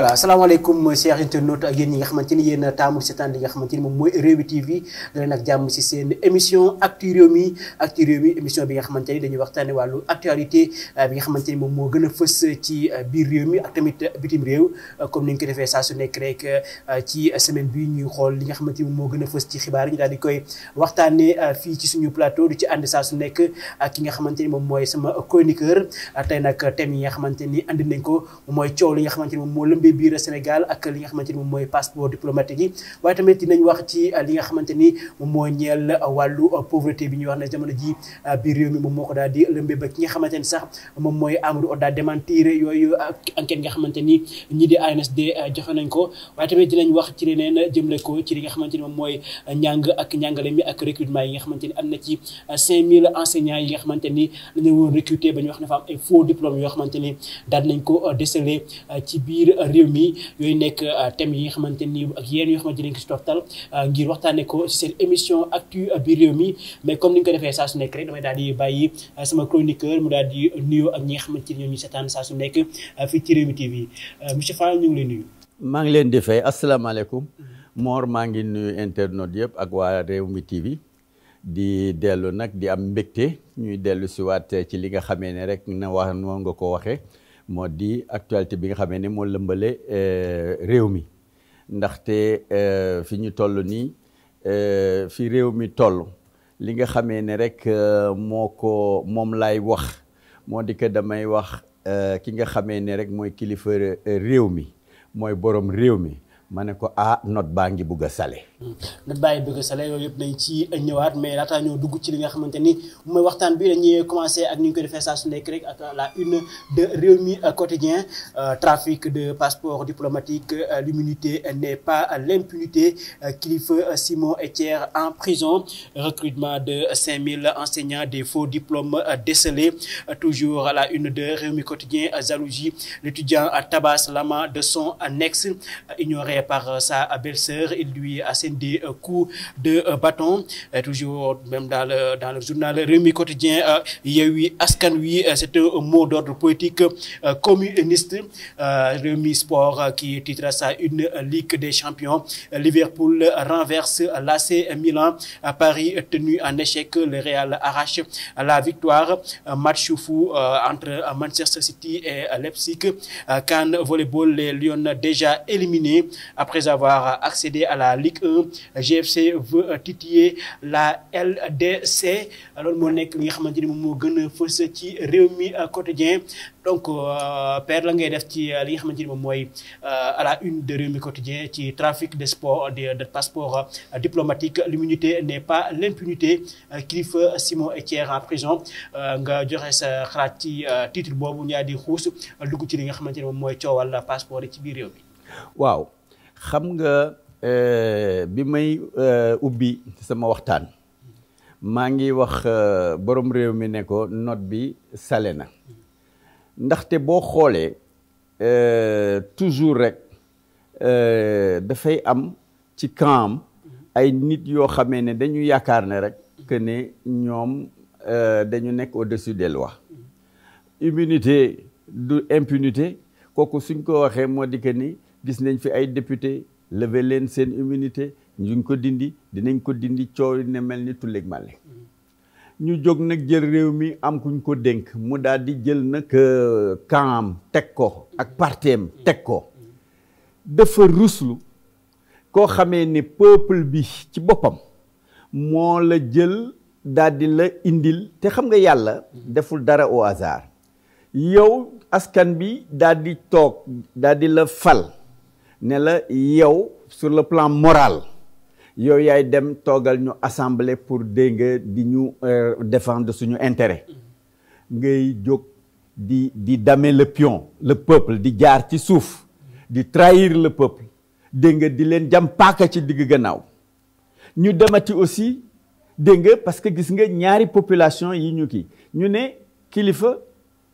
voilà salaamaaleykum euh, chers internautes ak yéen ñi nga xamante ni yéen taamul seetaan li nga xamante ni moom mooy Rewmi TV daleen ak euh, moo gën a fës ci euh, biir réew mi ak tamit bitim réew ni ñu ko defee saa su nekk rek ci semaine bi ñuy xool li nga xamante ni moom moo gën a fës ci xibaar yi ñu daal di koy waxtaane fii ci suñu plateau du ci ànd saa su nekk ki nga xamante ni moom mooy sama chroniqueur tey nag thème yi nga xamante indi andi nañ ko mooy coow li nga xamante ni moom moo lëmbee génne a Sénégal ak li nga xamante ni moom mooy ñeel wàllu pauvreté bi ñuy wax ne jamono ji ah, biir yooyu ak enquête nga xamante ni ñi di ANSD ah, joxe nañ ko waaye tamit dinañ wax ci leneen jëmle yi nga xamante ni ah, woon recruter ba wax ne fa am diplôme yoo xamante daal nañ ko déceler ci biir réew mi yooyu nekk euh, thèmes yi nga xamante ni ak yéen yoo xamante ni ko si toftal euh, ngir waxtaanee ko si seen émission actu bi réew mi mais comme ni ñu ko defee saa su nekk rek damay daal di bàyyi euh, sama chroniqueur mu daal di nuyoo ak ñi nga xamante ni ñoo ñu seetaan saa su nekk fii ci réew mi TV monsieur Fall ñu ngi lay nuyu. maa ngi leen di fay asalaamaaleykum. Mm-hmm. Mor maa ngi nuyu internautes yëpp ak waa réew mi TV. di dellu nag di am mbégte ñuy dellu si waat ci li nga xamee ne rek na wax noonu nga ko waxee. moo di actualité bi nga xamee ne moo lëmbale euh, réew mi ndaxte euh, fi ñu toll nii euh, fi réew mi toll li nga xamee ne rek moo ko moom lay wax moo di que damay wax ki nga xamee ni rek mooy kilifa réew mi mooy borom réew mi ma ne ko ah not baa ngi bugg a sale na bàyyi bëgg sale yooyu yëpp nañ ci ñëwaat mais laataa ñoo dugg ci li nga xamante ni mooy waxtaan bi dañuy commencé ak ni ñu ko defee saa su nekk rek ak la une de Rewmi quotidien euh, trafic de passeport diplomatique euh, l'immunité n'est pas l'impunité euh, Kilifeu Simon et Thier en prison recrutement de 5000 enseignants des faux diplômes décelés toujours à la une de Rewmi quotidien jalousie l'étudiant tabasse l'amant de son ex ignoré par sa belle-sœur il lui des euh, coups de euh, bâton euh, toujours même dans le dans le journal Rewmi Quotidien Yewwi Askan Wi c'est un mot d'ordre politique communiste Rewmi Sport qui titre ça une Ligue des champions Liverpool renverse l'AC Milan Paris tenu en échec le Real arrache la victoire match fou entre Manchester City et Leipzig CAN Volleyball les Lions déjà éliminés après avoir accédé à la Ligue GFC veut euh, titiller la LDC loolu moo nekk li nga xamante ni moom moo gën a fës ci réew mi euh, quotidien donc euh, père la ngay def ci li nga xamante ni moom mooy à la une de réew mi quotidien ci trafic de sport de passeport diplomatique l'immunité n'est pas l'impunité kilifa Simon Etière en prison nga joxe sa xalaat ci titre boobu ñaar di xuus dugg ci li nga xamante ni moom mooy coowal passeport yi ci biir réew mi waaw xam nga Euh, bi may euh, ubbi sama waxtaan maa ngi wax euh, borom réew mi ne ko note bi sale na ndaxte boo xoolee toujours rek dafay am ci camp ay nit yoo xamee ne dañu yaakaar ne rek que ne ñoom dañu nekk au-dessus des lois immunité du impunité kooku suñ ko waxee moo di que ni gis nañ fi ay député lever leen seen immunité ñu ko dindi dinañ ko dindi coow ne mel ni tulleeg màlle ñu jóg nag jël réew mi am kuñ ko dénk mu daal di jël nag euh, kaam teg ko ak parteem teg ko dafa ruslu koo xamee ni peuple bi ci boppam moo la jël daldi la indil te xam nga yàlla deful dara au hasard yow askan bi daal toog daal la fal ne la yow sur le plan moral yow yaay dem toogal ñu assemblée pour dénga di ñu euh, défendre suñu intérêt ngay jóg di di damer le pion le peuple di jaar ci suuf di trahir le peuple dégg nga di leen jam paaka ci diggu gannaaw ñu demati aussi dégg nga parce que gis nga ñaari population yi ñu ki ñu ne kilifa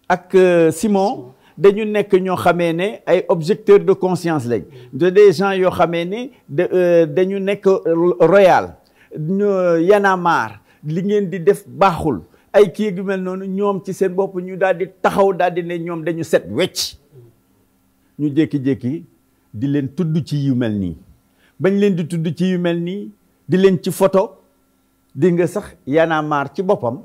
ak euh, Simon dañu nekk ñoo xamee ne ay objecteurs de conscience lañ de des gens yoo xamee ne de euh, dañu nekk royal yanamar li ngeen di def baaxul ay kii yu mel noonu ñoom ci seen bopp ñu daal di taxaw daal di ne ñoom dañu set wecc ñu jékki-jékki di leen tudd ci yu mel nii bañ leen di tudd ci yu mel nii di leen ci photo di nga sax yanamar ci boppam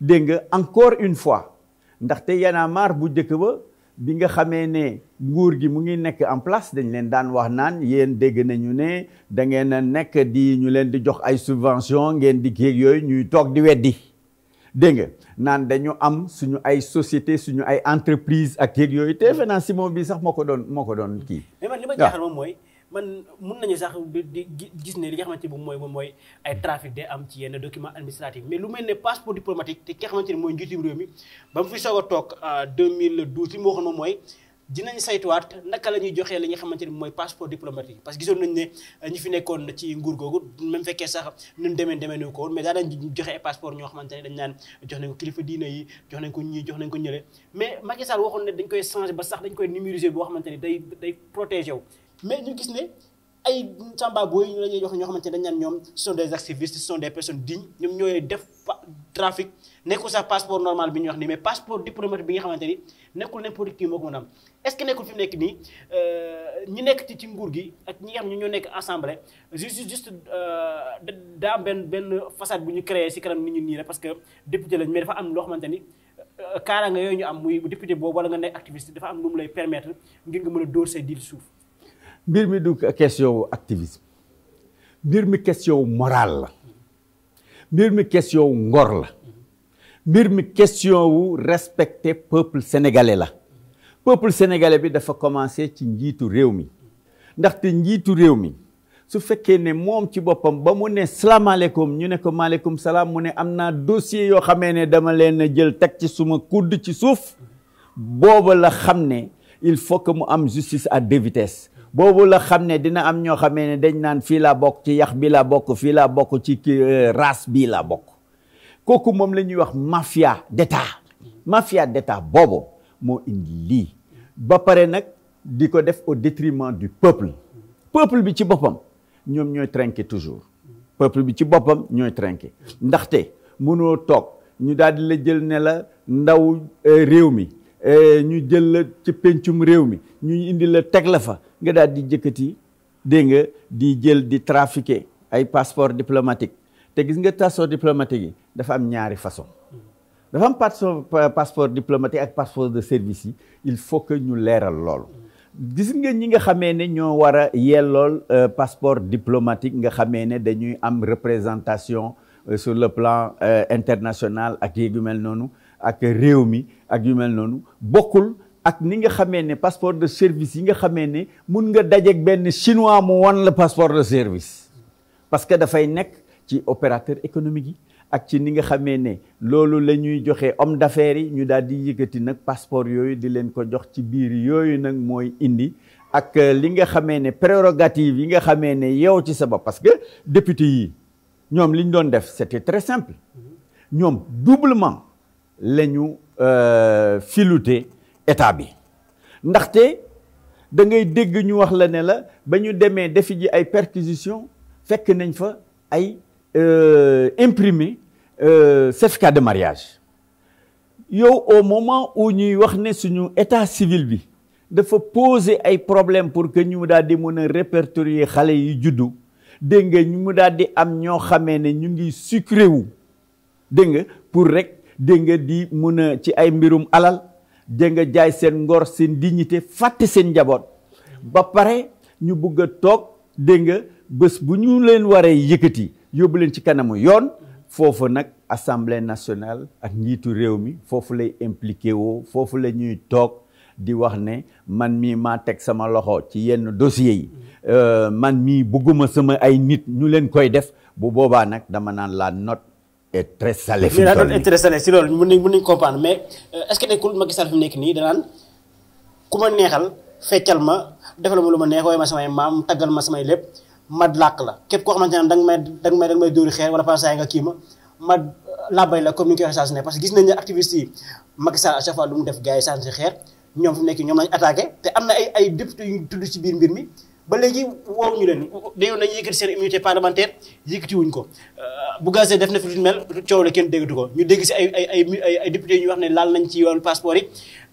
dégg nga encore une fois ndaxte yanamar bu njëkk ba bi nga xamee ne nguur gi mu ngi nekk en place dañ leen daan wax naan yéen dégg nañu ne da ngeen nekk di ñu leen di jox ay subvention ngeen di kéeg yooyu ñuy toog di weddi dégg nga naan dañu am suñu ay société suñu ay entreprise ak kéeg yooyu te financement bii sax moo ko doon moo ko doon kii. mais mooy. man mun nañu sax di gis ne li nga xamante ne moom mooy moom mooy ay trafic day am ci yenn document administratif mais lu mel ne passeport diplomatique te nga xamante ne mooy a toog 2012 euh, li mu waxoon mooy dinañ saytuwaat naka la ñuy joxee li nga xamante ne mooy passeport diplomatique parce que gisoon nañ ne euh, ñi fi nekkoon ci nguur googu même fekkee sax ñun demee demee nañ ko woon mais daa joxe ay passeport ñoo xamante ne dañ naan jox nañ ko kilifa diina yi jox nañ ko ñii jox nañ ko ñële mais Macky Sall waxoon ne dañ koy changé ba sax dañ koy numériser boo xamante ne day day protégé wu mais ñu gis ne ay Samba booy ñu la ñuy jox ñoo xamante ne dañ naan ñoom ce sont des activistes ce sont des personnes dignes ñoom ñooy def trafic nekkul sax passeport normal bi ñuy wax nii mais passeport diplomatique bi nga xamante ni nekkul n'importe qui moo a am est-ce que nekkul nekk nii euh, ñi nekk ci ci nguur gi ak ñi nga xam ne ñoo nekk assemblée juste juste euh, daa am benn benn façade bu ñu créé si kanam nit ñu nii rek parce que député lañ mais dafa am loo xamante ni. Euh, kaara yooyu ñu am muy député boobu wala nga nekk activiste dafa am lu lay permettre ngir mën a dóor say diil suuf mbir mi du question wu activisme mbir mi question wu moral la mbir mi question wu ngor la mbir mi question wu respecte peuple sénégalais la peuple sénégalais bi dafa commencé ci njiitu réew mi ndaxte njiitu réew mi su fekkee ne moom ci boppam ba mu ne salaamaaleykum ñu ne ko maaleykum salaam mu ne am naa dossier yoo xamee ne dama leen jël teg ci suma kudd ci suuf booba la xam ne il faut que mu am justice à deux boobu la xam ne dina am ñoo xamee ne dañ naan fii laa bokk ci yax bi laa bokk fii laa bokk ci euh, race bii laa bokk kooku moom la ñuy wax mafia d'état mafia d'état boobu moo indi lii ba pare nag di ko def au détriment du peuple peuple bi ci boppam ñoom ñooy trinqué toujours peuple bi ci boppam ñooy trinqué ndaxte mënoo toog ñu daal di la jël ne la ndaw euh, réew mi E ñu jël la ci pencum réew mi ñu indi la teg la fa nga daal di jëkkati dégg nga di jël di trafiquer ay passeport diplomatique te gis nga passeport diplomatique yi dafa am ñaari façon dafa am passeport diplomatique ak passeport de service yi il faut que ñu leeral loolu gis nga ñi nga xamee ne ñoo war a lool euh, passeport diplomatique nga xamee ne dañuy am représentation euh, sur le plan euh, international ak yéegu mel noonu ak réew mi ak yu mel noonu bokkul ak ni nga xamee ne passeport de service yi nga xamee ne mun nga dajeeg benn chinois mu wan la passeport de service parce que dafay nekk ci opérateur économique yi ak ci ni nga xamee ne loolu la ñuy joxe homme d'affaires yi ñu daal di yëkkati nag passeport yooyu di leen ko jox ci biir yooyu nag mooy indi ak euh, li nga xamee ne prérogative yi nga xamee ne yow ci sa bopp parce que député yi ñoom li ñu doon def c'était très simple ñoom doublement la ñu euh, filouté état bi ndaxte da ngay dégg ñu wax la ne la ba ñu demee defi ji ay perquisition fekk nañ fa ay euh, imprimé euh, certificat de mariage yow au moment où ñuy wax ne suñu état civil bi dafa poser ay problème pour que ñu daal di mën a répertorier xale yi juddu dégg nga ñu mu daal di am ñoo xamee ne ñu ngi sucré wu dégg pour rek dégg nga di mun a ci ay mbirum alal dégg jaay seen ngor seen dignité fàtte seen njaboot ba pare ñu bugg a toog dégg nga bés bu ñu leen waree yëkkati yóbbu leen ci kanamu yoon foofu nag assemblée nationale ak njiitu réew mi foofu lay impliqué foofu la ñuy toog di wax ne man mii maa teg sama loxo ci yenn dossiers yi euh, man mii bëgguma sama ay nit ñu leen koy def bu boobaa nag dama naan la note est très si loolu mën nañu mën nañu comprendre mais est-ce que nekkul Macky fi mu nekk nii danaan ku ma neexal feccal ma defal ma lu ma neex waaye ma samay maam taggal ma samay lépp ma làkk la képp koo xamante ne danga may danga may danga may dóori xeer wala pansaay nga kii ma ma làbbay la comme ni koy saa su ne parce que gis nañ ne activiste yi Macky Sall chaque fois lu mu def gars yi saa si xeer ñoom fi mu nekk ñoom lañ attaqué te am na ay ay député yu tudd ci biir mbir mi. ba léegi woowu ñu leen dañoo nañu yëkkati seen immunité parlementaire yëkkati wuñ ko euh, bu gazee def na fi lu mel coow la kenn déggatu ko ñu dégg si ay ay député yu ñu wax ne laal nañ ci wàllu passeport yi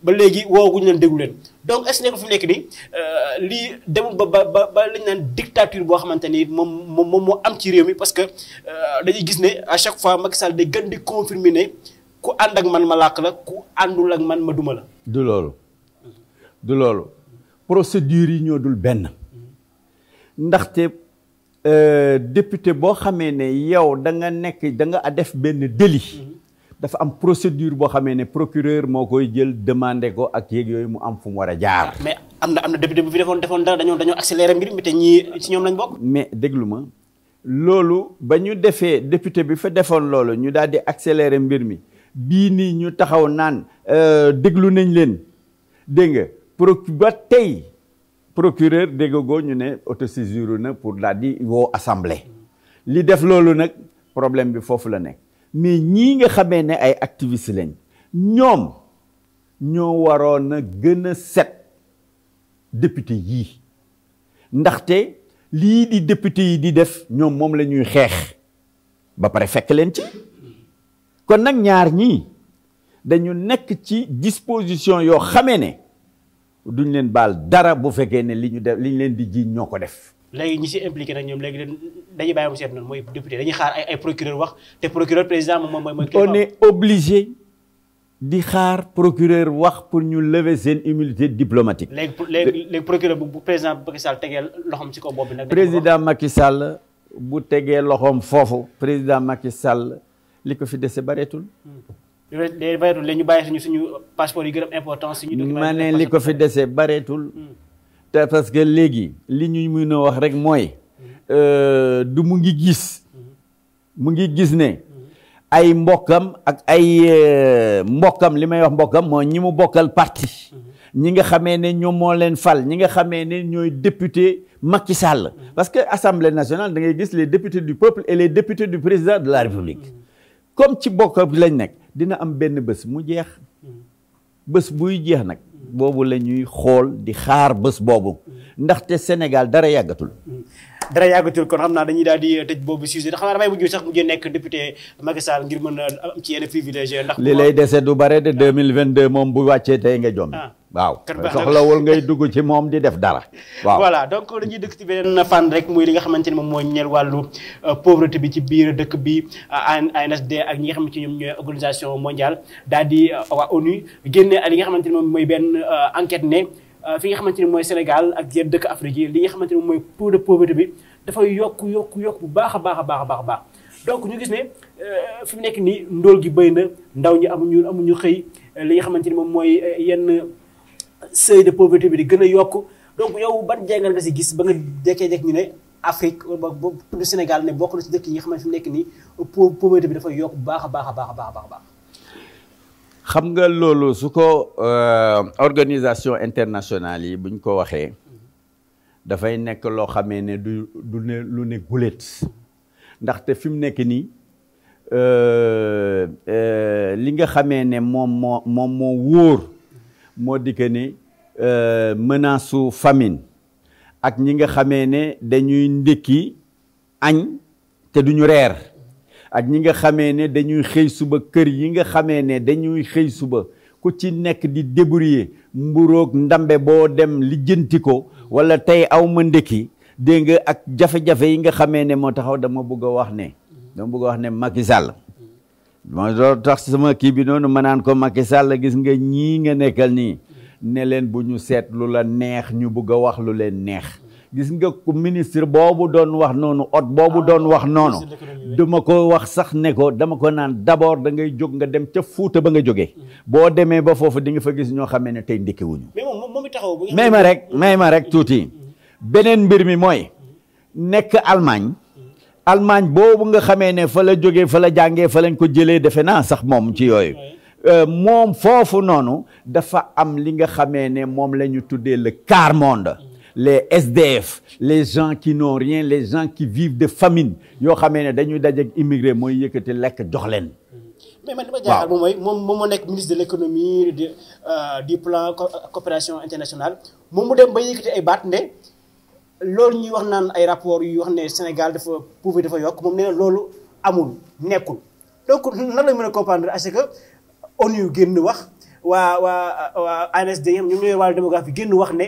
ba léegi wooguñu leen déglu leen. donc est-ce que nekk nii euh, lii demul ba ba ba lañ naan dictature boo xamante ni moom moom moo am ci réew mi parce que euh, dañuy gis ne à chaque fois Macky Sall day gën di confirmer ne ku ànd ak man ma làq la ku àndul ak man ma duma la. du loolu. loolu procédure yi ñoo benn. ndaxte euh, député boo xamee ne yow da nga nekk da nga def benn délit mm-hmm. dafa am procédure boo xamee ne procureur moo koy jël demande ko ak yeeg yooyu mu am fu mu war a jaar. mais am na am na député bu defoon defoon dañoo dañoo accéléré mbir mi te ñii ci ñoom lañ bokk. mais déglu ma loolu ba ñu defee député bi fa defoon loolu ñu daal di accéléré mbir mi bii nii ñu taxaw naan euh, déglu nañ leen dégg nga pro ba tey. procureur déggagoo ñu ne autosaisir nag pour daal di woo assemblée li def loolu nag problème bi foofu la nekk mais ñii nga xamee ne ay activiste lañ ñoom ñoo waroon a gën a set député yii ndaxte lii di député yi di def ñoom moom la ñuy xeex ba pare fekk leen ci kon nag ñaar ñii dañu nekk ci disposition yoo xamee ne duñ leen baal dara bu fekkee ne li ñu def li ñu leen di jiiñ ñoo ko def. léegi ñi si impliqué nag ñoom léegi dañuy bàyyi mu seet noonu mooy député dañuy xaar ay ay procureur wax te procureur président moom mooy mooy. on est obligé di xaar procureur wax pour ñu lever seen immunité diplomatique. léegi léegi procureur bu président Macky Sall tegee loxoom ci ko bopp bi nag. président Macky Sall bu tegee loxoom foofu. président Macky Sall li ko fi dese bareetul. Hmm. day bareetul léegi ñu bàyyi suñu suñu passeport yi gën a important suñu ma ne li ko fi desee bareetul hmm. te parce que léegi li ñu mën a wax rek mooy hmm. euh, du mu ngi gis hmm. mu ngi gis ne ay mbokkam ak ay euh, mbokkam li may wax mbokkam moo ñi mu bokkal parti ñi nga xamee ne ñoom moo leen fal ñi nga xamee ne ñooy député Macky Sall parce que assemblée nationale da ngay gis les députés du peuple et les députés du président de la république comme ci bokk bi lañ nekk dina am benn bés mu jeex bés buy jeex nag boobu la ñuy xool di xaar bés boobu ndaxte Sénégal dara yàggatul dara yàggatul kon xam naa dañuy daal di tëj boobu sujet xam naa damay mujj sax mujj nekk député Macky ngir mën a am ci yenn privilège ndax li lay dese bare de 2022 moom bu wàccee tey nga jom ah. waaw soxlawul ngay dugg ci moom di def dara. waaw voilà donc dañuy dëkk ci na fànn rek muy li nga xamante ni moom mooy ñeel wàllu euh, pauvreté bi ci biir dëkk bi euh, ANSD ak ñi nga xamante ni ñoom ñooy organisation mondiale daal di euh, waa ONU génne li nga xamante ni moom mooy benn enquête ne fi nga xamante ni mooy Sénégal ak yenn dëkk Afrique yi li nga xamante ni moom mooy taux de pauvreté bi dafay yokk yokk yokk bu baax a baax a baax a baax donc ñu gis ne fi mu nekk nii ndóol gi bëy na ndaw ñi amuñu amuñu xëy li nga xamante ni moom mooy yenn. seuil de pauvreté bi di gën a yokk donc yow ban jàngal nga si gis ba nga dekkee dekk ñu ne Afrique ba tudd Sénégal ne bokk na si dëkk yi nga xam nekk nii pauvreté bi dafa yokk baax baax a a baax a xam nga loolu su ko euh, organisation internationale yi buñ ko waxee dafay nekk loo xamee ne du du ne lu ne guléet ndaxte fi mu nekk nii euh, euh, li nga xamee ne moom moo moom moo wóor. moo di que ni euh, menace su famine ak ñi nga xamee ne dañuy ndékki añ te duñu reer ak ñi nga xamee ne dañuy xëy suba kër yi nga xamee ne dañuy xëy suba ku ci nekk di débrouiller mburook ndambe boo dem lijjanti ko wala tey aw ma ndékki dégg nga ak jafe-jafe yi nga xamee ne moo taxaw dama bëgg wax ne dama bëgg wax ne Macky ma doon tax sama kii bi noonu ma naan ko Macky Sall gis nga ñii nga nekkal nii ne leen bu ñu seet lu la neex ñu bugg a wax lu leen neex gis nga ku ministre boobu doon wax noonu ot boobu ah, doon wax noonu duma ko wax sax ne ko dama ko naan d'abord da ngay jóg nga dem ca Fuuta ba nga jóge mm. boo demee ba foofu di fa gis ñoo xamee ne tey ndikkiwuñu may ma rek may ma rek tuuti mm. beneen mbir mi mooy nekk almaañ Allemagne boobu nga xamee ne fa la jógee fa la jàngee fa lañ ko jëlee defe naa sax moom ci yooyu euh, moom foofu noonu dafa am li nga xamee ne moom la ñu tuddee le quart monde les SDF les gens qui n'ont rien les gens qui vivent de famine yoo xamee ne dañuy dajeek immigré mooy yëkkati lekk jox leen. mais man moom mooy moom moom moo nekk ministre de l'économie du euh, plan coopération internationale moom mu dem ba yëkkati ay baat nde loolu ñuy wax naan ay rapport yu wax ne Sénégal dafa pauvreté dafa yokk moom nee loolu amul nekkul donc nan la mën a comprendre parce que ONU génn wax waa waa waa ANSD ñoom ñoo yor wàllu démographie génn wax ne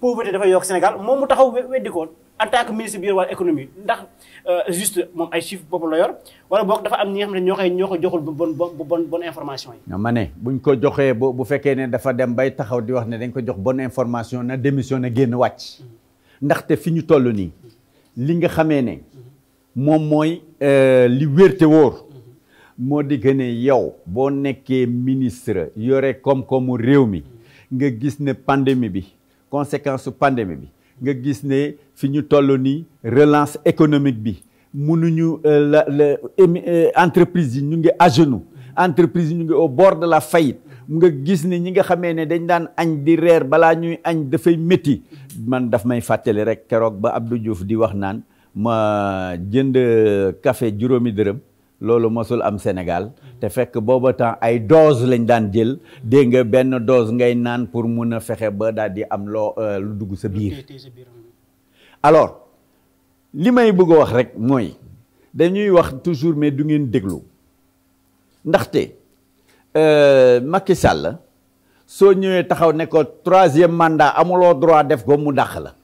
pauvreté dafa yokk Sénégal moom mu taxaw weddi ko en tant que ministre bi yor wàllu économie ndax euh, juste moom ay chiffres boppam la yor wala boog dafa am ñi xam ne ñoo koy ñoo ko joxul bon bon bonne information yi. ma ne buñ ko joxee bu bu fekkee ne dafa dem bay taxaw di wax ne dañ ko jox bonne information na démission na génn wàcc. Mm. ndaxte fi ñu toll nii li nga xamee ne moom mooy euh, li wér moo di gën ne yow boo nekkee ministre yore koom-koomu réew mi nga gis ne pandemi bi conséquence su pandémie bi nga gis ne fi ñu toll nii relance économique bi mënuñu euh, la la euh, entreprise yi ñu ngi à genoux entreprise yi ñu ngi au bord de la faillite nga gis ni ñi nga xamee ne dañ daan añ di reer balaa ñuy añ dafay métti man daf may fàttali rek keroog ba Abdou Diouf di wax naan ma jënd kafe juróomi dërëm loolu masul am Sénégal te fekk booba temps ay dose lañ daan jël dénga benn dose ngay naan pour mun a fexe ba daal di am loo euh, lu dugg sa biir alors li may bëgg a wax rek mooy dañuy wax toujours mais du ngeen déglu ndaxte Euh, Macky Sall soo ñëwee taxaw ne ko troisième mandat amuloo droit def ko mu dàq la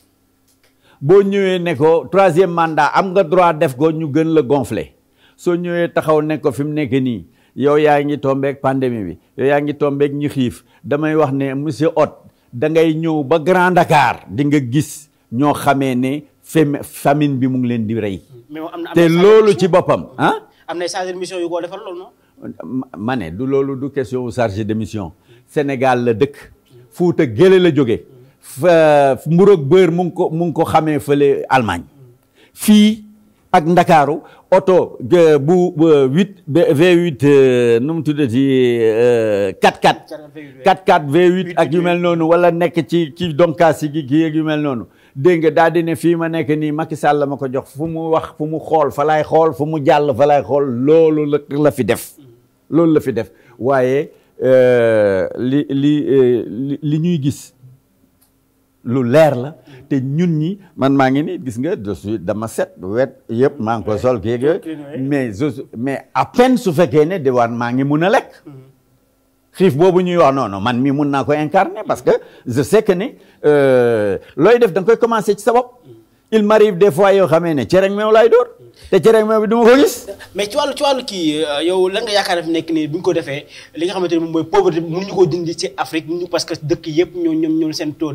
boo ñëwee ne ko troisième mandat am nga droit def ko ñu gën la gonfler soo ñëwee taxaw ne ko fi mu nekk nii yow yaa ngi tombeek pandemi bi yow yaa ngi tombeek ñu xiif damay wax ne monsieur Hott da ngay ñëw ba Grand Dakar di nga gis ñoo xamee ne famine bi mu ngi leen di rey. te loolu ci boppam ah. am na mission yu ko defal loolu ma ne du loolu du question chargé de mission Sénégal la dëkk Fuuta Géle la jóge mburoog bër mu ngi ko mu ngi ko xamee fële Allemagne fii ak Ndakaaru oto bu huit V8 euh, nu mu tuddati 4-4 euh, 4-4 v ak yu mel noonu wala nekk ci ci donkaasi gi kii ak yu mel noonu dégg nga daa di ne fii ma nekk nii Macky Sall la ma ko jox fu mu wax fu mu xool falaay xool fu mu jàll fa xool loolu la la fi def loolu la fi def waaye euh, li euh, li li ñuy gis lu leer la te ñun ñi man maa ngi nii gis nga de suite dama set wet yëpp maa ngi ko sol kii mais mais à peine su fekkee ne diwaan maa ngi mun a lekk mm-hmm. xiif boobu ñuy wax noonu man mii mun naa ko incarner parce que je sais que ni euh, looy def da nga koy commencer ci sa bopp mm-hmm. il m'arrive des fois yoo xamee ne cere meew laay dóor te cere meew bi du ko gis. mais ci wàllu kii euh, yow lan nga yaakaar fi nekk nii bu ko defee li nga xamante ne moom mooy pauvreté mënuñu koo dindi ci Afrique parce dëkk yëpp ñoo ñoom ñoo seen taux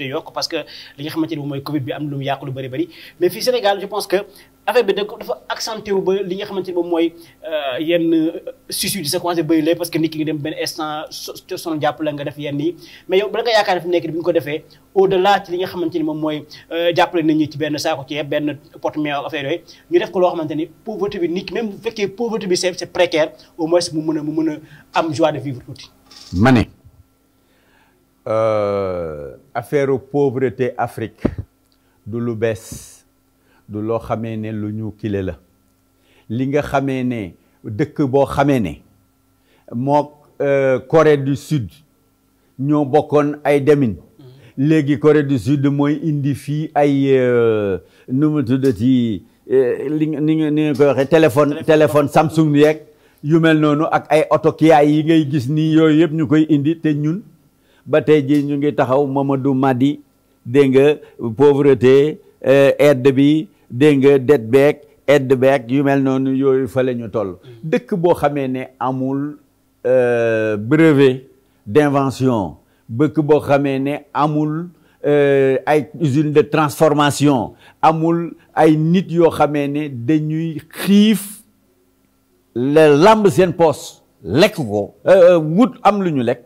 de yokk parce li nga xamante ne moom mooy Covid bi am lu mu yàq lu bëri bëri mais fii Sénégal je pense que affaire bi da dafa accenté wu ba li nga xamante ni euh, yenn euh, susu di sa commencé bëri parce que nit ki nga dem benn instant son jàpp nga def yenn mais yow bala yaakaar ne bi ñu ko defee au li nga xamante ni moom mooy euh, jàppale nit ñi ci benn saako ceeb benn pot meew affaire ñu def ko loo xamante ni pauvreté bi nit même bu fekkee pauvreté bi c'est c'est précaire au moins mu mën a mu mën a am joie de vivre tuuti. ma ne affaire pauvreté Afrique du lu bees. du loo xamee ne lu ñu kile la li nga xamee ne dëkk boo xamee ne moo euh, Corée du Sud ñoo bokkoon ay demin mm-hmm. léegi Corée du Sud mooy indi fii ay euh, nu mu tuddati euh, li ni ni nga koy waxee téléphone téléphone Samsung yeeg yu mel noonu ak ay oto Kia yi ngay gis nii yooyu yëpp ñu koy indi te ñun ba tey jii ñu ngi taxaw Mamadou Madi dégg nga pauvreté aide bi dégg nga det beeg edd yu mel noonu yooyu fa la ñu toll mm. dëkk boo xamee ne amul euh, brevet d'invention bëkk boo xamee ne amul euh, ay usine de transformation amul ay nit yoo xamee ne dañuy xiif la làmb seen poos lekk ko euh, wut am lu ñu lekk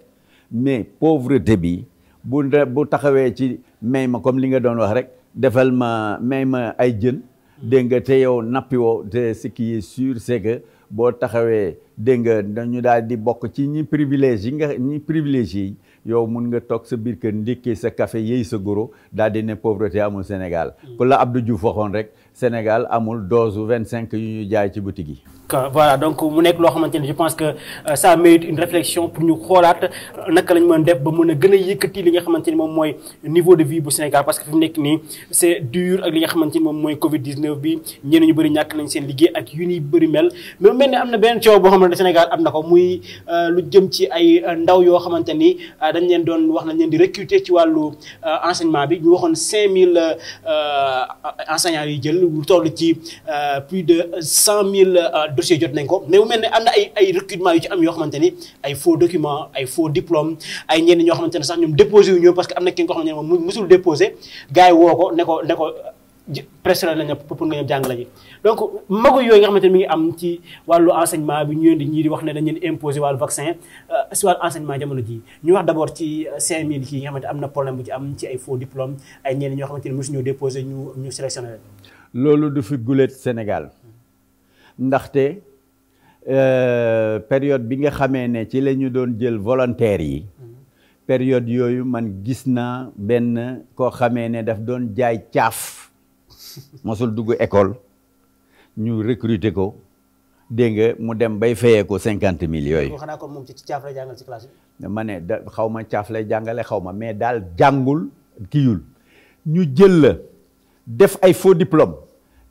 mais pauvreté bi bu bu taxawee ci may ma comme li nga doon wax rek defal ma may ma ay jën dégg nga te yow nappi woo te ce qui est sûr c'est boo taxawee dégg nga dañu daal di bokk ci ñi privilège yi nga ñi privilégié yi yow mun nga toog sa biir kër ndékkee sa kafe yëy sa goro daal di ne pauvreté amul Sénégal mm. ku la Abdou Diouf waxoon rek Sénégal amul dose vingt cinq yu ñu jaay ci boutique yi voilà donc mu nekk loo xamante ne je pense que euh, ça mérite une réflexion pour ñu xoolaat euh, naka lañ mën def ba mën a gën a yëkkati li nga xamante ni moom mooy niveau de vie bu Sénégal parce que fi mu nekk nii c'est dur ak li nga xamante ni moom mooy Covid 19 bi ñenn ñu bëri ñàkk nañ seen liggéey ak yu ni bëri mel mais mel ni am na benn coow boo xamante Sénégal am na ko muy euh, lu jëm ci ay ndaw yoo xamante ni dañ leen doon wax nañ di recruter ci wàllu enseignement bi ñu waxoon 5000 enseignants yi jël lu toll ci plus de dossier jot na ay ay recrutement yu ci am yoo xamante ni ay faux document ay faux diplôme ay ñenn ñoo xamante ne sax ñoom déposé wu ñëw parce que am na ki ko ne ko ne ko presse la mi ngi am ci wàllu enseignement bi ñu leen ñii di wax ne dañ leen imposé wàllu vaccin euh, si wàllu enseignement jamono jii ñu wax d' abord ci am na problème bu ci am ci ay faux diplôme ay ñenn ñoo xamante ne mosu ñoo déposé ñu ñu loolu du fi guléet Sénégal ndaxte euh, période bi nga xamee ne ci la ñu doon jël volontaires yi période yooyu man gis naa benn koo xamee ne daf doon jaay caaf mosul dugg ecole ñu recruter ko dégg nga mu dem bay fayee ko cinquante mille yooyu. xanaa kon moom ci caaf lay jàngal ci classe xaw ma caaf lay jàngale xaw ma mais daal jàngul kiyul ñu jël la def ay faux diplôme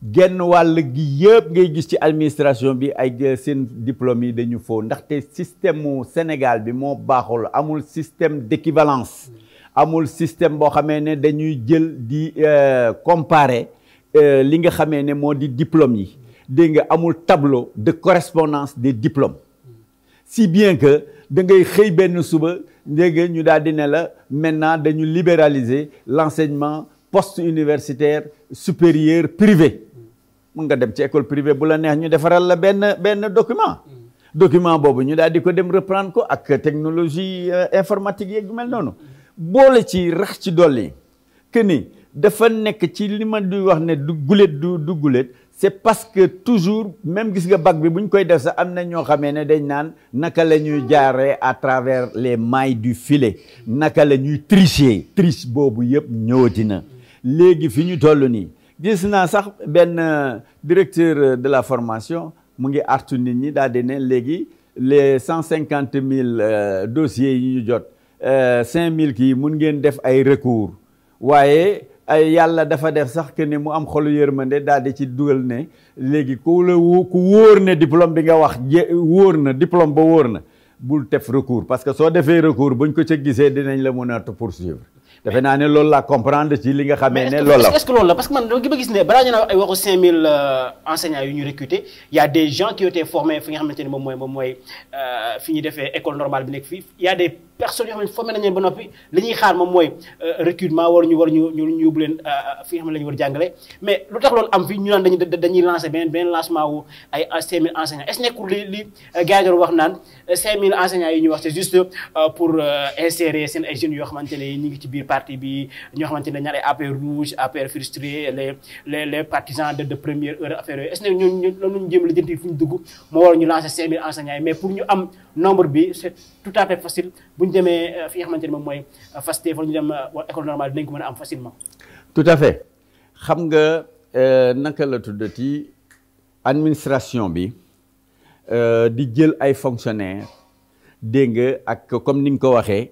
genn wàll gi yëpp ngay gis ci administration bi ay seen diplôme yi dañu foo ndaxte système mu Sénégal bi moo baaxul amul système d'équivalence amul système boo xamee ne dañuy jël di euh, comparer euh, li nga xamee ne moo di diplôme yi dégg nga amul tableau de correspondance des diplômes si bien que da ngay xëy benn suba ndégg ñu daal di ne la maintenant dañu libéraliser l'enseignement post-universitaire supérieur privé mun nga dem ci école privée bu la neex ñu defaral la benn benn document mm. document boobu ñu daal di ko dem reprendre ko ak technologie euh, informatique yeeg yu mel noonu boole ci rax ci dolli que ni dafa nekk ci li ma di wax ne du gulet du du gulet c'est parce que toujours même gis nga bag bi bu ñu koy def sa am na ñoo xamee ne dañ naan naka la ñuy jaaree à travers les mailles du filet naka la ñuy tricher triche boobu yëpp ñëwati na léegi fi ñu toll nii gis naa sax benn euh, directeur euh, de la formation mu ngi artu nit ñi daal di ne léegi les cent cinquante mille euh, dossiers yi ñu jot cinq mille kii mun ngeen def ay recours waaye ay yàlla dafa def sax que ne mu am xolu yërmande daal di ci dugal ne léegi ku la ku wóor ne diplôme bi nga wax wóor na diplôme ba wóor na bul def recours parce que soo defee recours buñ ko ca gisee dinañ la mën a pour poursuivre defe naa ne lool laa comprendre ci li nga xamee ne loolu la est que loolu la parce que man dama gis ne balaa ñu naan ay waxu 5000 euh, enseignants yu ñu recruter y des gens qui ont été formés fi nga xamante ne moom mooy moom mooy euh, fi ñu defee école normale bi nekk fii yaa des personnes yoo xam ne formé nañ leen ba noppi li ñuy xaar moom mooy euh, recrutement war ñu war ñu ñu yóbbu leen euh, euh, fi nga xam ne la ñu war jàngale yi wax wax c'est juste pour insérer seen ay jeunes yoo xamante ne ñu ngi ci biir parti bi ñoo xamante ne ñaar ay APR rouge APR frustré les les les partisans de de première heure affaire yooyu est ce que ñooñu loolu ñu jéem la jënti fu ñu dugg moo war ñu lancé 5000 enseignants yi mais pour ñu am nombre bi c'est tout à fait facile bu ñu demee euh, fi nga xamante ne moom mooy Pastef euh, fa ñu dem euh, école normale dinañ ko a am tout à fait xam nga naka la tuddati administration bi di jël ay fonctionnaires dégg nga ak comme ni ko waxee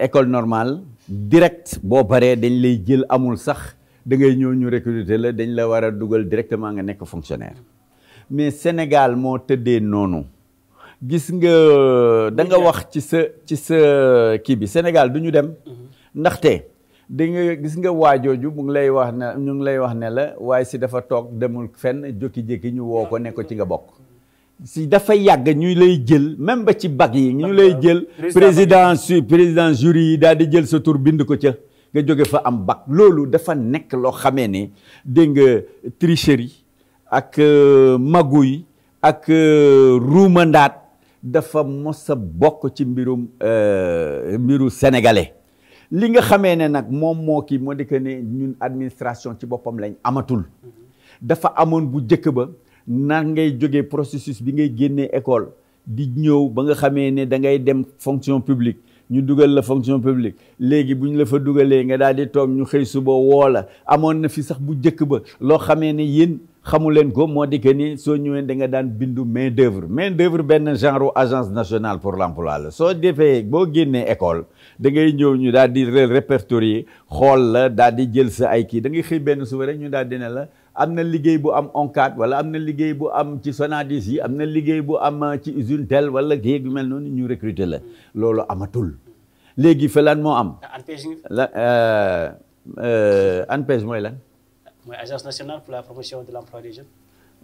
école normale direct boo paree dañ lay jël amul sax da ngay ñëw ñu recruter la dañ la war a dugal directement nga nekk fonctionnaire mais Sénégal moo tëddee noonu. gis nga da nga wax ci sa ci sa kii bi Sénégal du ñu dem. Mhm. ndaxte da nga gis nga waajooju mu ngi lay wax ne ñu ngi lay wax ne la waaye si dafa toog demul fenn jokki-jékki ñu woo ko ne ci nga bokk. si dafa yàgg ñu lay jël même ba ci bag yi ñu lay jël. président su président jury yi daal di jël sa tur bind ko ca. nga jóge fa am bac loolu dafa nekk loo xamee ne dégg nga tricherie ak euh, maguy ak euh, ruumandaat dafa mos sa bokk ci mbirum euh, mbiru sénégalais li nga xamee ne nag moom moo kii moo di que ne ñun administration ci boppam lañ amatul dafa amoon bu jëkk ba nan ngay jóge processus bi ngay génnee école di ñëw ba nga xamee ne da ngay dem fonction publique ñu dugal la fonction publique léegi bu ñu la fa dugalee nga daal di toog ñu xëy suba woo la amoon na fi sax bu jëkk ba loo xamee ne yéen xamu leen ko moo di que ni soo ñëwee da nga daan bindu main d'œuvre main d'œuvre benn genre agence nationale pour l'emploi la soo defee boo génnee école da ngay ñëw ñu daal di répertorier xool la daal di jël sa ay kii da ngay xëy benn suba rek ñu daal di ne la am na liggéey bu am ONCAD wala am na liggéey bu am ci Sonadis yi am na liggéey bu am ci usine tel wala kii yu mel noonu ñu recruter la loolu amatul léegi fa moo am. ANPEJ la euh, euh, ANPEJ mooy lan. mooy agence nationale pour la promotion de l' emploi des jeunes.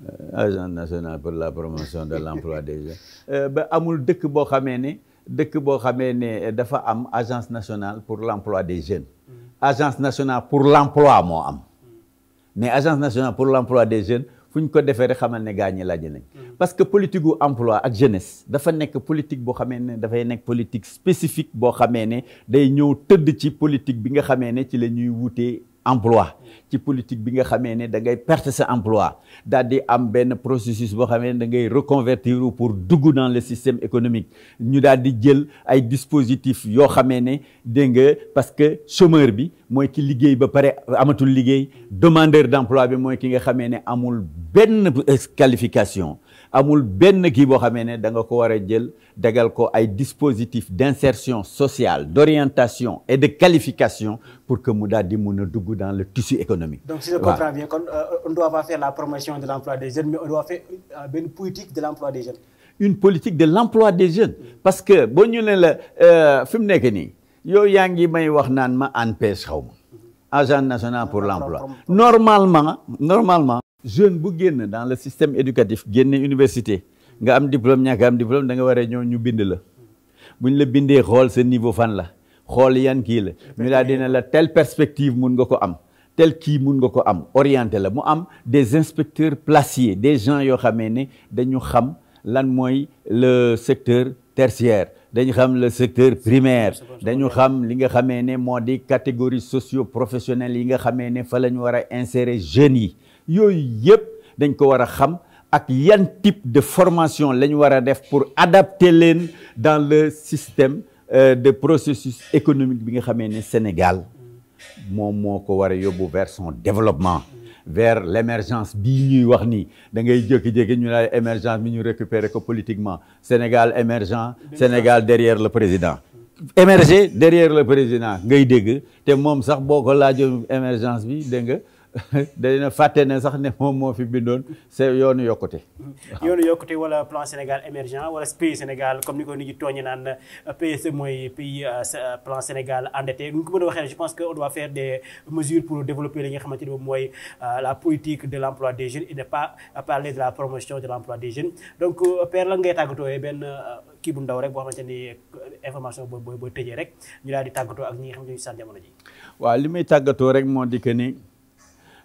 Euh, agence la promotion de l' emploi des euh, ba amul dëkk boo xamee ne dëkk boo xamee ne dafa am agence nationale pour l' emploi des jeunes. Mm. agence nationale pour lemploi moo am. Mm. mais agence nationale pour l' emploi des jeunes fu ñu ko defee rek xamal ne gaañi laaj nañ. Mm. parce que politique gu emploi ak jeunesse dafa nekk politique boo xamee ne dafay nekk politique spécifique boo xamee ne day ñëw tëdd ci politique bi nga xamee ne ci la ñuy wutee. emploi ci politique bi nga xamee ne dangay ngay perte sa emploi daal di am benn processus boo xamee ne da ngay reconvertir pour dugg dans le système économique ñu daal di jël ay dispositif yoo xamee ne dégg nga parce que chômeur bi mooy ki liggéey ba pare amatul liggéey demandeur d'emploi bi mooy ki nga xamee ne amul benn qualification amul benn kii boo xamee ne da nga ko war a jël dagal ko ay dispositif d'insertion sociale d'orientation et de qualification pour que mu daal di mun a dugg dans le tissu économique. donc si je comprends bien kon euh, on doit pas faire la promotion de l'emploi des jeunes mais on doit faire euh, benn politique de l'emploi des une politique de l'emploi des jeunes. parce que boo ñu ne la euh, fi mu nekk nii. yow yaa ngi may wax naan ma ANPEJ xaw ma. agent national pour l'emploi normalement normalement. jeune bu génn dans le système éducatif génn université nga am diplôme ñàkk am diplôme danga nga waree ñoo ñu bind la bu ñu la bindee xool sa niveau fan la xool yan kii la ñu laa dina la telle perspective mun nga ko am tel kii mun nga ko am orienté la mu am des inspecteurs placiers des gens yoo xamee ne dañu xam lan mooy le secteur tertiaire dañu xam le secteur primaire dañu xam li nga xamee ne moo di catégorie socio professionnelle yi nga xamee ne fa la ñu war a insérer jeunes yi yooyu yëpp dañ ko war a xam ak yan type de formation la ñu war a def pour adapter leen dans le système euh, de processus économique bi nga xamee ni Sénégal moom moo ko war a yóbbu vers son développement vers l'émergence bii ñuy wax ni da ngay jékki-jékki ñu naan émergence bi ñu récupérer ko politiquement Sénégal émergent Sénégal derrière le président émerger derrière le président ngay dégg te moom sax boo ko laajoon émergence bi dégg nga day na fàtte ne sax ne moom moo fi bindoon c'est yoonu yokkute. yoonu yokkute wala plan Sénégal émergent wala pays Sénégal comme ni ko nit ñi tooñe naan PSE mooy pays euh, euh, plan Sénégal endetté nu ñu ko a waxee je pense que euh, la ngay tàggatooyee benn kii ndaw rek boo xamante ni information booy tëjee rek ñu daal di tàggatoo ak ñi xamante ni sant jamono ji. waaw li may tàggatoo rek moo di que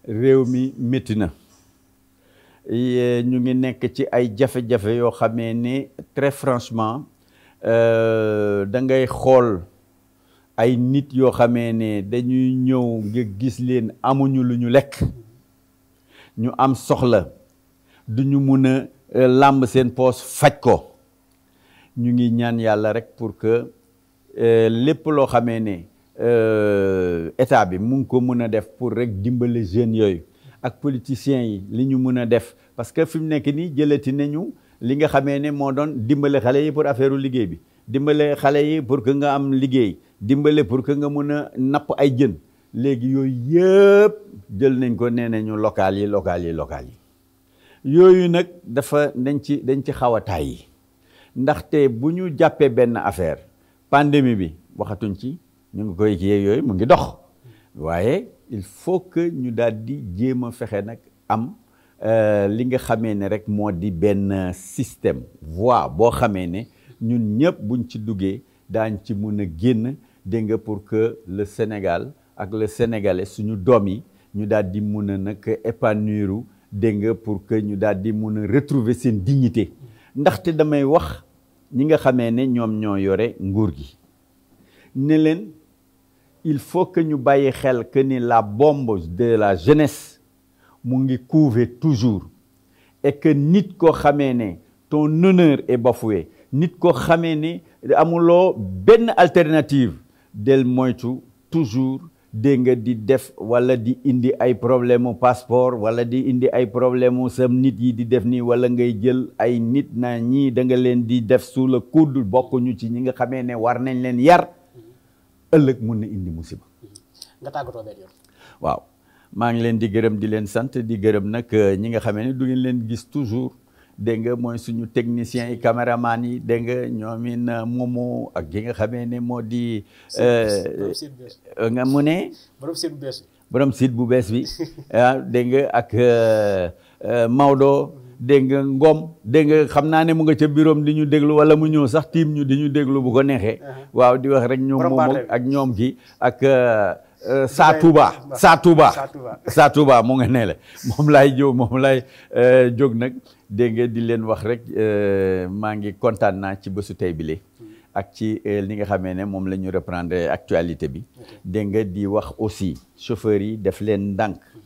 réew mi métti na ñu ngi nekk ci ay jafe-jafe yoo xamee ni très franchement euh, da ngay xool ay nit yoo xamee ne dañuy ñëw nga gis leen amuñu lu ñu lekk ñu am soxla du ñu mun a euh, làmb seen poos faj ko ñu ngi ñaan yàlla rek pour que euh, lépp loo xamee ne Euh, état bi mu ngi ko mën a def pour rek dimbale jeunes yooyu ak politiciens yi li ñu mën a def parce que fi mu nekk nii jëlati nañu li nga xamee ne moo doon dimbale xale yi pour affaire liggéey bi dimbale xale yi pour que nga am liggéey dimbale pour que nga mën a napp ay jën léegi yooyu yëpp jël nañ ko nee nañu local yi local yi local yi yooyu nag dafa dañ ci dañ ci xaw a tàyyi ndaxte bu ñu jàppee benn affaire pandémie bi waxatuñ ci ñu ngi koy kii yooyu mu ngi dox waaye il faut que ñu daal di jéem a fexe nag am euh, li nga xamee ne rek moo di benn système voie boo xamee ne ñun ñëpp buñ ci duggee daañ ci mun a génn dégg nga pour que le Sénégal ak le Sénégalais suñu doom yi ñu daal di mun a nag épanouir dégg nga pour que ñu daal di mun a retrouver seen dignité ndaxte damay wax ñi nga xamee ne ñoom ñoo yore nguur gi ne leen il faut que ñu bàyyi xel que ni la bombe de la jeunesse mu ngi couver toujours et que nit koo xamee ne ton honneur est bafoué nit koo xamee ne amuloo benn alternative del moytu toujours dégg nga di def wala di indi ay problème mu passeport wala di indi ay problème mu nit yi di def nii wala ngay jël ay nit na ñii danga leen di def sous le coude bokkuñu ci ñi nga xamee ne war nañ leen yar ëllëg mun na indi musiba. nga tàggatoo waaw maa ngi leen di gërëm di leen sant di gërëm nag euh, ñi nga xamee ne du ngeen leen gis toujours dégg nga mooy suñu techniciens yi caméraman yi dégg nga ñoomin euh, moomu ak yi nga xamee ne moo di. Euh, nga mu ne. borom site bu bees bi borom site bu bees ah, ak Maodo. dégg nga Ngom dégg nga xam naa ne mu nga ca biroom di ñu déglu wala mu ñëw sax tiim ñu di ñu déglu bu ko neexee. Uh-huh. waaw di wax rek ñoom moom ak ñoom ki ak. Uh, uh, Saa Touba Saa Touba Saa Touba nga nee la moom laay jóg moom laay uh, jóg nag dégg di leen wax rek maa ngi kontaan naa ci bësu tey bile. Hmm. ak ci li nga xamee ne moom la ñu reprendre actualité bi. dégg nga di wax aussi chauffeurs yi def leen ndànk. Hmm.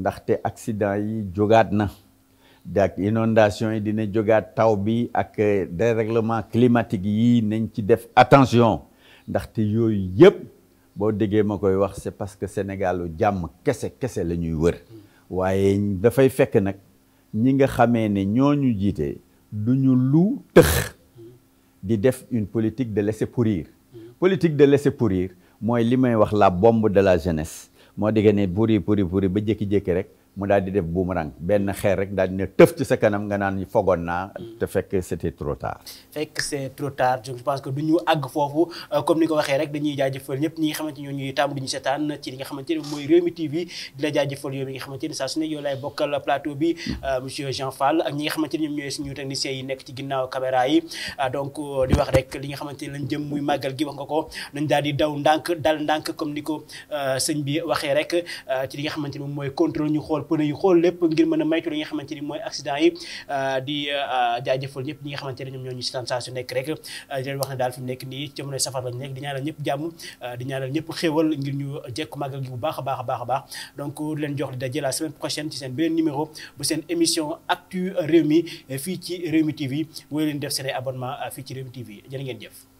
ndaxte accident yi jógaat na. ak inondation yi dina jógaat taw bi ak eh, dérèglement climatique yi nañ ci def attention ndaxte yooyu yëpp boo déggee ma koy wax c'est parce que Sénégalu jàmm kese kese la ñuy wër waaye dafay fekk nag ñi nga xamee ne ñu jiite du ñu lu tëx di def une politique de laisser pourrir politique de laisser pourrir mooy li may wax la bombe de la jeunesse moo diggee ne pourri pourri pourri ba jékki-jékki rek mu daal di def boomerang benn xeer rek daal di ne tëf ci sa kanam nga naan fogoon naa te fekk c'était trop tard. fekk c'est trop tard je pense que du ñu àgg foofu euh, comme ni ko waxee rek dañuy jaajëfal ñëpp ñi nga xamante ñoo ñuy tàmm di ñu seetaan ci li nga xamante ne mooy su ne yow laay bokkal plateau bi euh, monsieur nga xamante ne ñoom ñooy suñu techniciens yi nekk ci ginnaaw caméra euh, li nga xamante ne lañ jëm muy màggal gi wax nga ko nañ daal di daw ndànk dal ndànk comme ni ko sëñ bi waxee rek ci li nga xamante ne moom mooy contrôle ñu xool pneu yu xool lépp ngir mën a maytu li nga xamante ni mooy accident yi euh, di euh, jaajëfal ñëpp ñi nga xamante ne ñoom ñoo ñu sitaan saa nekk rek euh, di leen wax ne daal fi mu nekk nii jamono safar lañ nekk di ñaanal ñëpp jàmm di ñaanal ñëpp xéewal ngir ñu jekku màggal gi bu baax baax a baax a baax donc di leen jox di daje la semaine prochaine ci seen beneen numéro bu seen émission actu réew mi fii ci réew mi TV wooyu leen def seen abonnement fii ci réew mi TV jërë ngeen jëf